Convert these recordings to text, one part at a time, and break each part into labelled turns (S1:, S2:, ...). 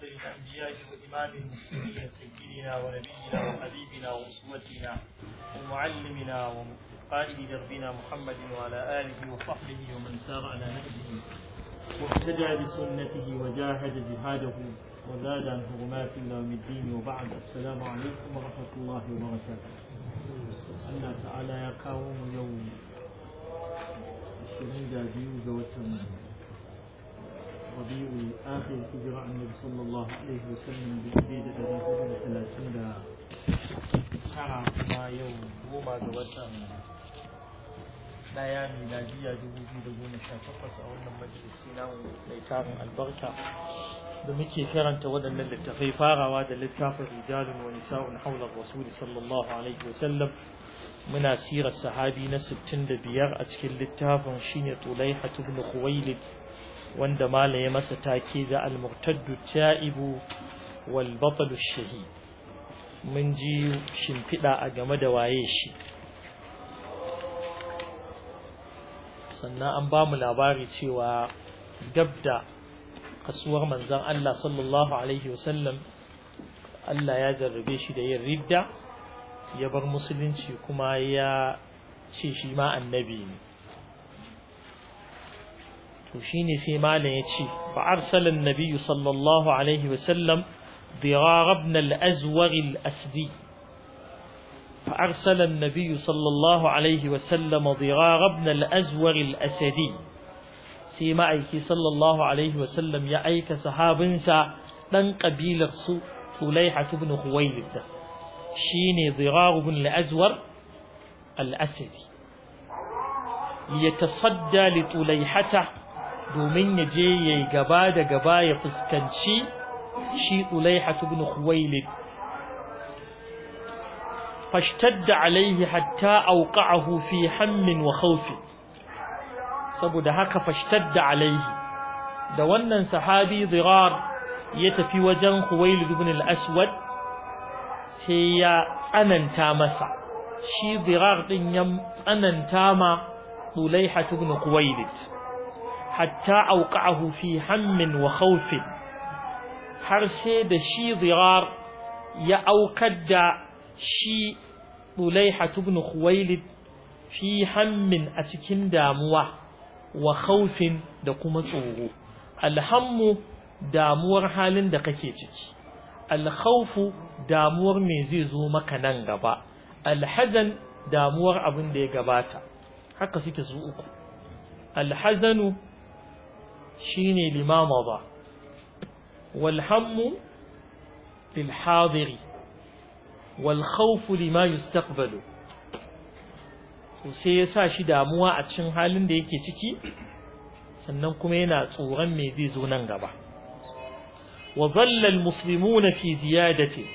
S1: أفضل الأنبياء وإمام المسلمين سيدنا ونبينا وحبيبنا وأسوتنا ومعلمنا وقائد دربنا محمد وعلى آله وصحبه ومن سار على نهجه واهتدى بسنته وجاهد جهاده وزاد عن حرمات الله الدين وبعد السلام عليكم ورحمة الله وبركاته الله تعالى يقاوم يوم الشهيد أبي watan ربيع آخر هجرة النبي صلى الله عليه وسلم ثلاثين ما يوم وما dubu biyu da goma sha takwas a wannan majalisi na mai tarin albarka da muke karanta waɗannan littafai farawa da littafin rijalun wani nisa'un aular rasul sallallahu alaihi wa sallam muna sirar sahabi na 65 a cikin littafin shine Tulaiha ibn Khuwailid wanda malaye masa take da al ta ta'ibu wal batalu shahid mun ji shimfiɗa a game da waye shi sannan an ba mu labari cewa dabda kasuwar manzon Allah sallallahu alaihi wasallam Allah ya jarrabe shi da yin ridda ya bar musulunci kuma ya ce shi ma annabi ne توشيني في مالي فأرسل النبي صلى الله عليه وسلم ضرار ابن الأزوغ الأسدي فأرسل النبي صلى الله عليه وسلم ضرار ابن الأزوغ الأسدي سيمائك صلى الله عليه وسلم يا أيك صحابن سا لن قبيل رسو فليحة بن خويلد شيني ضرار بن الأزور الأسدي ليتصدى لطليحته domin ya je ya yi gaba da gaba ya fuskanci shi Ulaiha ibn Khuwailid fashtadda alaihi hatta auqa'ahu fi hammin wa khawfi saboda haka fashtadda alaihi da wannan sahabi Zirar ya tafi wajen Khuwailid ibn al-Aswad sai ya tsananta masa shi Zirar din ya tsananta ma Ulaiha ibn Khuwailid hatta auqa'ahu fi hammin wa khawfin har sai da shi zirar ya aukar da shi Dulaiha ibn Khuwailid fi hammin a cikin damuwa wa khawfin da kuma tsoro alhammu damuwar halin da kake ciki alkhawfu damuwar me zai zo maka nan gaba alhazan damuwar abin da ya gabata haka suke su uku alhazanu shine limama ba wal hammu lil hadiri lima yustaqbalu sai ya sa shi damuwa a cikin halin da yake ciki sannan kuma yana tsoron mai zai zo nan gaba wa dhalla al muslimuna fi ziyadati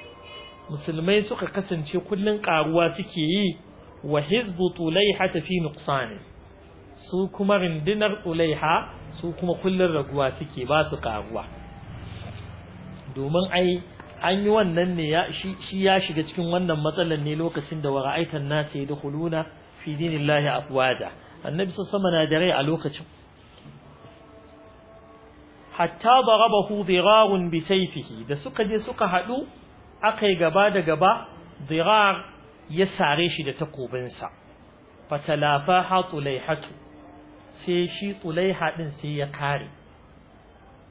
S1: musulmai suka kasance kullun karuwa suke yi wa hizbu tulaiha fi nuqsanin su kuma rindinar ulaiha su kuma kullun raguwa suke ba su karuwa domin ai an yi wannan ne ya shi ya shiga cikin wannan matsalar ne lokacin da wara'aitan nasu yadkhuluna fi dinillahi afwaja annabi su sama na rai a lokacin hatta darabahu dirarun bi sayfihi da suka je suka hadu akai gaba da gaba dirar ya sare shi da takobinsa fatalafa hatulaihatu sai shi tsulaiha din sai ya kare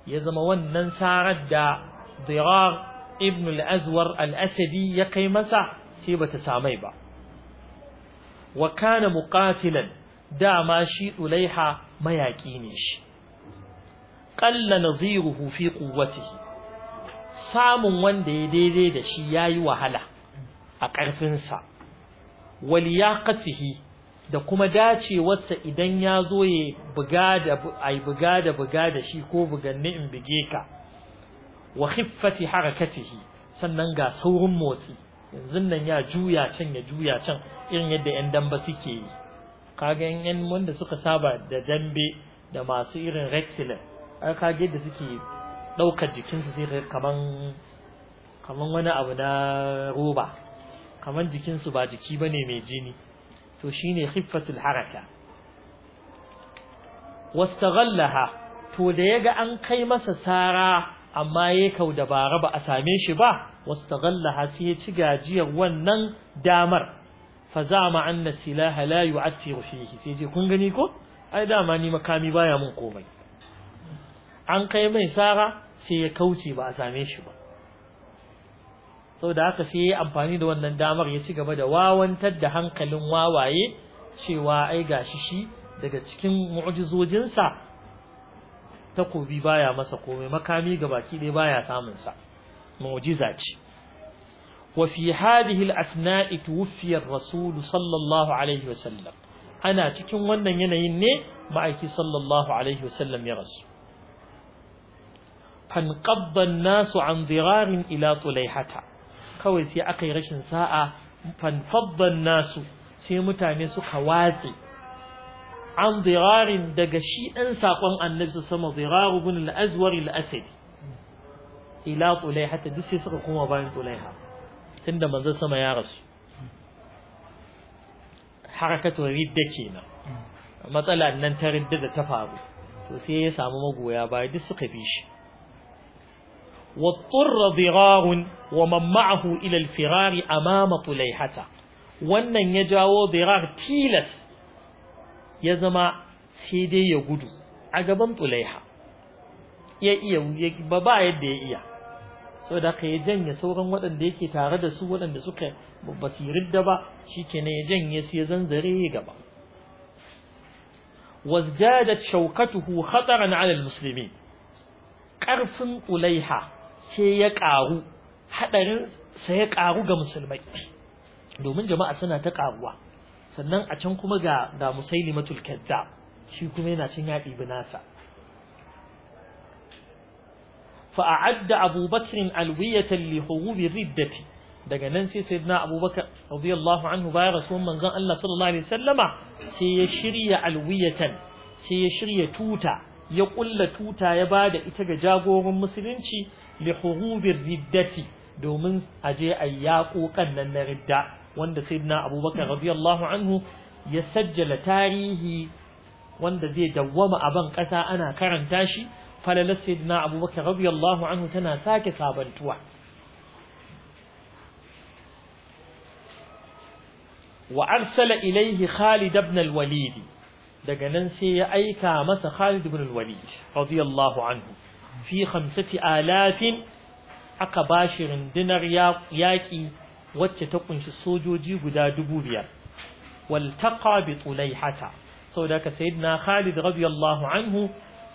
S1: ya zama wannan sarar da dirar ibn azwar al asabi ya kai masa sai bata samai ba wa kana dama shi tsulaiha mayaƙi ne shi qalla naziruhu fi quwwatihi samun wanda ya daidai da shi yayi wahala a ƙarfinsa waliyaqatihi da kuma dacewarsa idan ya zo ya buga da ai buga da buga da shi ko buganni in bige ka wa khiffati harakatihi sannan ga saurin motsi yanzu nan ya juya can ya juya can irin yadda yan damba suke yi kaga yan wanda suka saba da dambe da masu irin wrestling ai kaga yadda suke daukar jikinsu sai kaman kaman wani abu na roba kaman jikinsu ba jiki bane mai jini to shine khiffatul haraka wastaghallaha to da yaga an kai masa sara amma yayi kau dabara ba a same shi ba wastaghallaha sai ya ci gajiyar wannan damar fa zama anna silaha la yu'athiru fihi sai je kun gani ko ai dama ni makami baya mun komai an kai mai sara sai ya kauce ba a same shi ba Sau haka aka fiye amfani da wannan damar ya ci gaba da wawantar da hankalin wawaye cewa ai gashi shi daga cikin mu'jizojinsa takobi baya masa komai makami ga baki ɗaya baya samun sa mu'jiza ce wa fi hadhihi al-asna'i tuwfiya rasul sallallahu alaihi wa sallam ana cikin wannan yanayin ne ma'aiki sallallahu alaihi wa sallam ya rasu fanqabba an-nasu an dhirarin ila tulaihata kawai sai aka yi rashin sa'a fanfabban nasu sai mutane suka watse an zirarin daga shi ɗan saƙon annabi su sama ziraru bin al'azwari al'asadi ila ƙulai ta duk sai suka koma bayan tun tunda manzan sama ya rasu harakatun ridda kenan matsala nan ta ridda da ta faru to sai ya samu magoya baya duk suka bi shi واضطر ضغار ومن معه إلى الفرار أمام طليحة wannan ya jawo birar tilas ya zama sai dai ya gudu a gaban tulaiha ya iya ba ba yadda ya iya saboda ka ya janye sauran waɗanda yake tare da su waɗanda suka basirin da ba shikenan ya janye su ya zanzare ya gaba wazdadat shaukatuhu khataran ala musulmi karfin tulaiha sai ya ƙaru haɗarin sa ya ƙaru ga musulmai domin jama'a suna ta ƙaruwa sannan a can kuma ga ga musailimatul kadda shi kuma yana cin yaɗi binasa fa a'adda abubakar alwiyatan li huwubi riddati daga nan sai sayyidina abubakar radiyallahu anhu bayan rasulun manzon Allah sallallahu alaihi wasallama sai ya shirya alwiyatan sai ya shirya tuta ya kulla tuta ya bada ita ga jagoran musulunci li hurubir riddati domin a je a yaƙo kannan na ridda wanda sayyidina abubakar radiyallahu anhu ya sajjala tarihi wanda zai dawwama a ban ƙasa ana karanta shi falalar sayyidina abubakar radiyallahu anhu tana sake sabantuwa wa arsala ilaihi khalid ibn al-walidi daga nan sai ya aika masa Khalid ibn al-Walid radiyallahu anhu fi khamsati alafin aka bashi rundunar yaƙi wacce ta kunshi sojoji guda dubu biyar waltaqa bi tulaihata saboda ka sayyidina Khalid radiyallahu anhu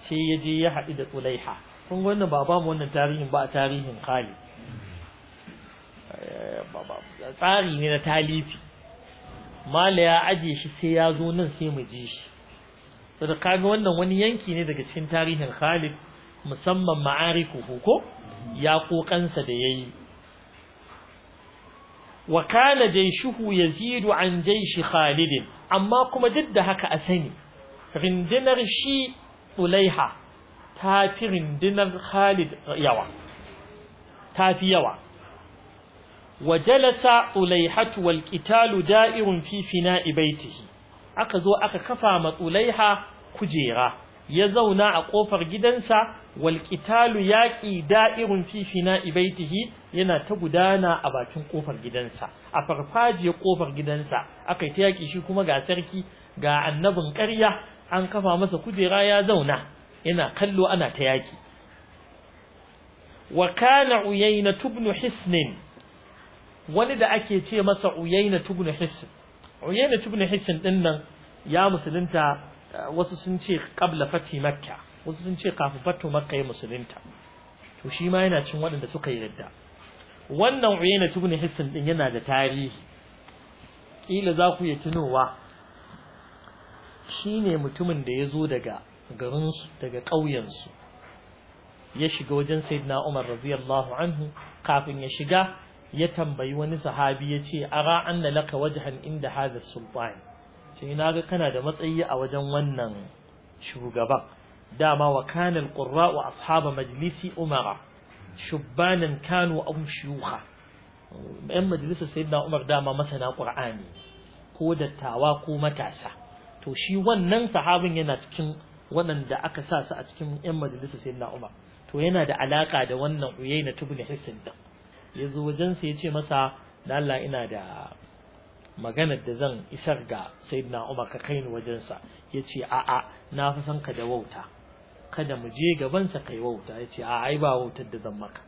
S1: sai ya je ya haɗu da tsulaiha kun wannan ba ba mu wannan tarihin ba tarihin Khalid eh, tsari ne na talifi mala ya aje shi sai ya zo nan sai mu ji shi saboda wannan wani yanki ne daga cikin tarihin Khalid musamman ma'arikuhu ko ya kokansa da yayi wa kana jayshuhu yazidu an jayshi Khalid amma kuma duk da haka a sani rindinar shi Ulaiha ta fi rindinar Khalid yawa ta fi yawa وجلس طليحة والقتال دائر في فناء aka zo aka kafa ma Tsulaiha kujera ya zauna a kofar gidansa wal qitalu yaqi da'irun fi fina'i baitihi yana ta gudana a bakin kofar gidansa a farfajiyar kofar gidansa akai ta yaki shi kuma ga sarki ga annabin ƙarya an kafa masa kujera ya zauna yana kallo ana ta yaki wa kana uyayna ibn hisn wani da ake ce masa uyayna ibn hisn uyayna ibn hisn dinnan ya musulunta wasu sun ce kabla fati makka wasu sun ce kafin fatu makka ya musulunta to shi ma yana cin waɗanda suka yi yadda wannan uyayna ibn hisn din yana da tarihi kila za ku yi tunowa ne mutumin da ya zo daga garinsu daga ƙauyensu ya shiga wajen sayyidina Umar radiyallahu anhu kafin ya shiga ya tambayi wani sahabi ya ce ara anna laka wajhan inda hadha sultan Sai na ga kana da matsayi a wajen wannan shugaban dama wa kanal alqurra wa ashaba majlisi umara shubbanan kanu abu shuyukha yan majalisar sayyidina umar dama masana qur'ani ko dattawa ko matasa to shi wannan sahabin yana cikin waɗanda aka sa su a cikin yan majalisar sayyidina umar to yana da alaka da wannan uyayna ibn hisan din yazo wajen sa yace masa da Allah ina da maganar da zan isar ga sayyidina Umar ka kai ni wajensa yace a'a na fi ka da wauta kada mu je gaban sa kai wauta yace a ai ba wautar da zan maka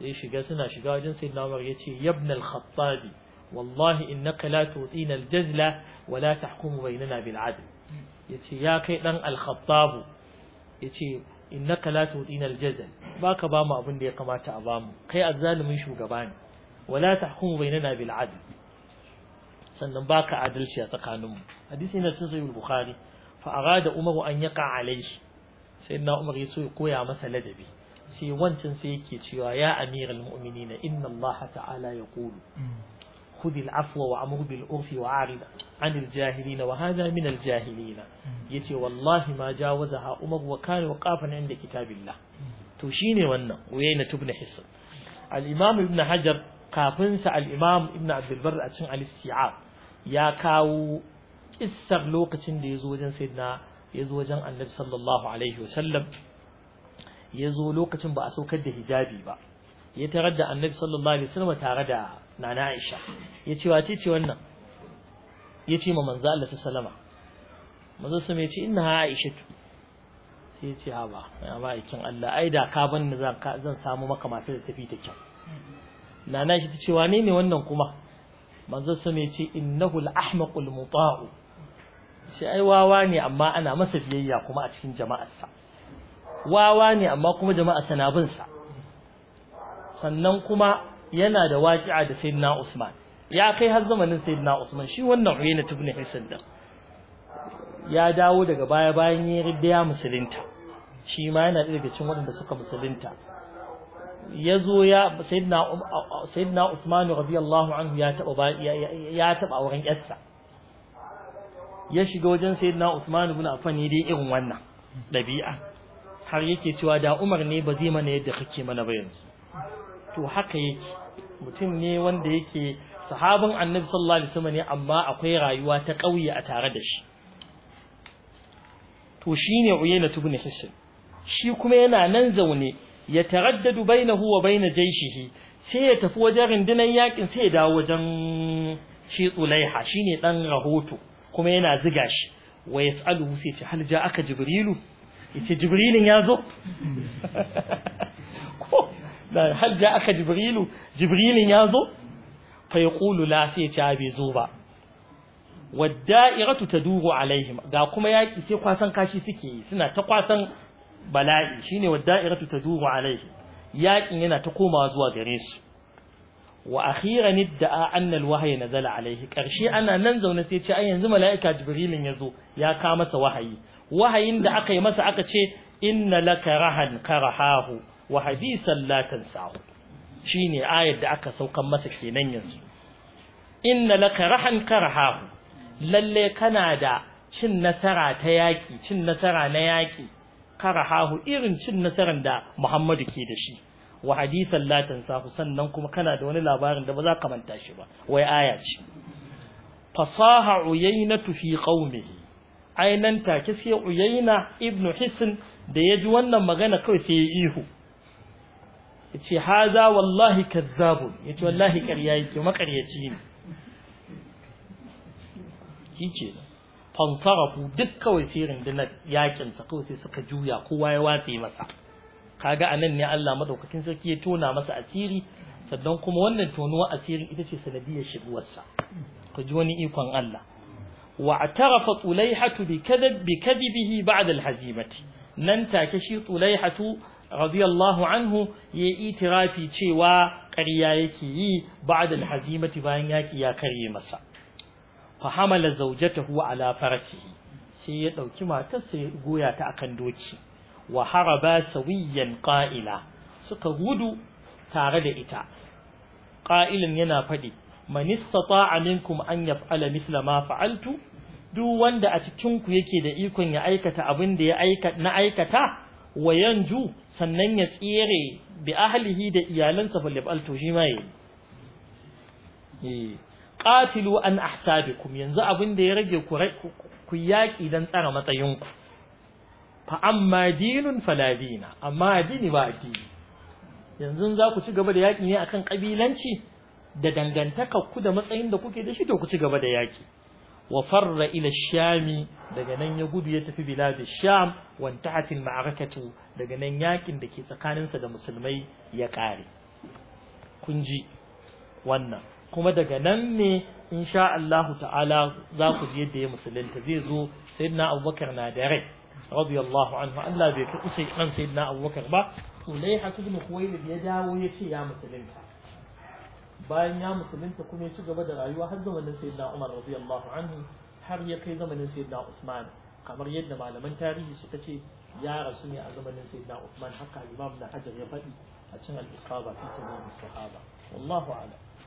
S1: sai shiga suna shiga wajen sayyidina Umar yace ibn al-Khattabi wallahi innaka la tu'tina al-jazla wa la tahkumu bainana bil 'adl yace ya kai dan al-Khattabu yace innaka la tu'tina al-jazl baka ba mu abin da ya kamata a bamu kai azzalimin shugaba ne wala tahkumu bainana bil 'adl sannan baka adalci a tsakaninmu hadisi ne cin sahih bukhari fa arada umaru an yaqa alayhi sayyidina umar yaso ya koya masa ladabi sai wancan sai yake cewa ya amiral mu'minin inna allah ta'ala yaqulu khudh al'afwa wa amur bil urf wa arid an al jahilin min al jahilin yace wallahi ma jawazaha umar wa kare wa inda kitabillah mm. to shine wannan uyayna ibn hisab al imam ibn hajar kafinsa sa ibn abd a cin al isti'ab ya kawo kissar lokacin da ya zo wajen sayyidina ya zo wajen annabi sallallahu alaihi wa sallam, ya zo lokacin ba a saukar da hijabi ba ya tarar da annabi sallallahu alaihi wa sallam tare da nana Aisha ya ce wace ce wannan ya ce ma manzo Allah sallama manzo sa ya ce inna Aisha sai ya ce ha ba ya ba ikin Allah ai da ka ban zan zan samu maka matar da tafi ta kyau nana Aisha ta ce wane ne wannan kuma manzo su ne ce innahu al-ahmaqul muta'u shi ai wawa ne amma ana masa biyayya kuma a cikin jama'arsa wawa ne amma kuma jama'arsa na bin sa sannan kuma yana da waqi'a da sayyidina Usman ya kai har zamanin sayyidina Usman shi wannan Uyayna ibn Hisan da ya dawo daga baya bayan ya ridda musulunta shi ma yana daga cikin waɗanda suka musulunta ya zo ya sayyidina Uthman radiyallahu anhu ya taba ya taba auren yarsa ya shiga wajen sayyidina Uthman ibn Affan ne dai irin wannan dabi'a har yake cewa da Umar ne ba zai mana yadda kake mana ba yanzu to haka yake mutum ne wanda yake sahabin Annabi sallallahu alaihi wasallam ne amma akwai rayuwa ta ƙauye a tare da shi to shine Uyayna ibn Hisham shi kuma yana nan zaune ya taraddadu bainahu wa bain jayshihi sai ya tafi wajen rundunar yakin sai ya dawo wajen shi tsulaiha shine dan rahoto kuma yana ziga shi wa yas'aluhu sai ce hal aka jibrilu yace jibrilin ya zo ko da hal aka jibrilu jibrilin ya zo fa yaqulu la sai ce bai zo ba Wa wadda'iratu taduru alaihim ga kuma yaki sai kwasan kashi suke yi suna ta kwasan bala'i shine wadda'iratu taduru alaihi Yaƙin yana ta komawa zuwa gare su wa akhiran idda'a anna alwahyi nazala alaihi karshe ana nan zaune sai ce ai yanzu mala'ika jibrilin yazo ya ka masa wahayi wahayin da aka yi masa aka ce inna laka rahan karahahu wa hadisan la tansahu shine ayar da aka saukan masa kenan yanzu inna laka rahan karahahu lalle kana da cin nasara ta yaki cin nasara na yaki qarahahu irin cin nasarar da Muhammadu ke da shi wa hadisan la tansahu sannan kuma kana da wani labarin da ba za ka manta shi ba wai aya ce fasaha uyainatu fi qaumihi ainan take sai uyaina ibnu hisn da yaji wannan magana kawai sai ya ihu yace haza wallahi kazzabun yace wallahi ƙarya yake maƙaryaci ne Kike fansarafu duk kawai sai dinar yakin sa kawai sai suka juya kowa ya watse masa kaga anan ne Allah madaukakin sarki ya tona masa asiri sannan kuma wannan tonuwa asirin ita ce sanadiyar shiguwarsa ku ji wani ikon Allah wa atarafa tulaihatu bi kadab bi kadibihi ba'da al-hazimati nan take shi tulaihatu radiyallahu anhu ya itirafi cewa ƙarya yake yi ba'da al-hazimati bayan yaki ya karye masa fa hamala zawjatahu ala farajihi sai ya dauki matarsa ya goya ta akan doki wa haraba sawiyan qa'ila suka gudu tare da ita qa'ilin yana fadi man istata'a minkum an yaf'ala mithla ma fa'altu duk wanda a cikin ku yake da ikon ya aikata abin da ya aikata na aikata wa yanju sannan ya tsere bi ahlihi da iyalansa fa to shi ma yi qatilu an ahsabikum yanzu abin da ya rage ku ku yaki dan tsara matsayinku fa amma dinun faladina amma dini ba addini yanzu za ku ci gaba da yaki ne akan kabilanci da dangantaka ku da matsayin da kuke da shi to ku ci gaba da yaki wa farra ila shami daga nan ya gudu ya tafi bilad sham wan ta'atil ma'arakatu daga nan yakin da ke tsakaninsa da musulmai ya kare kun ji wannan kuma daga nan ne insha Allah ta'ala za ku ji yadda ya musulunta zai zo sayyidina Abubakar na da rai radiyallahu anhu Allah bai karɓi sai dan sayyidina Abubakar ba to lai hakibin da ya dawo ya ce ya musulunta bayan ya musulunta kuma ya ci gaba da rayuwa har zamanin sayyidina Umar radiyallahu anhu har ya kai zamanin sayyidina Usman kamar yadda malaman tarihi suka ce ya rasu ne a zamanin sayyidina Usman haka Imam na Hajar ya faɗi a cikin al-Isaba fi Sahaba wallahu a'lam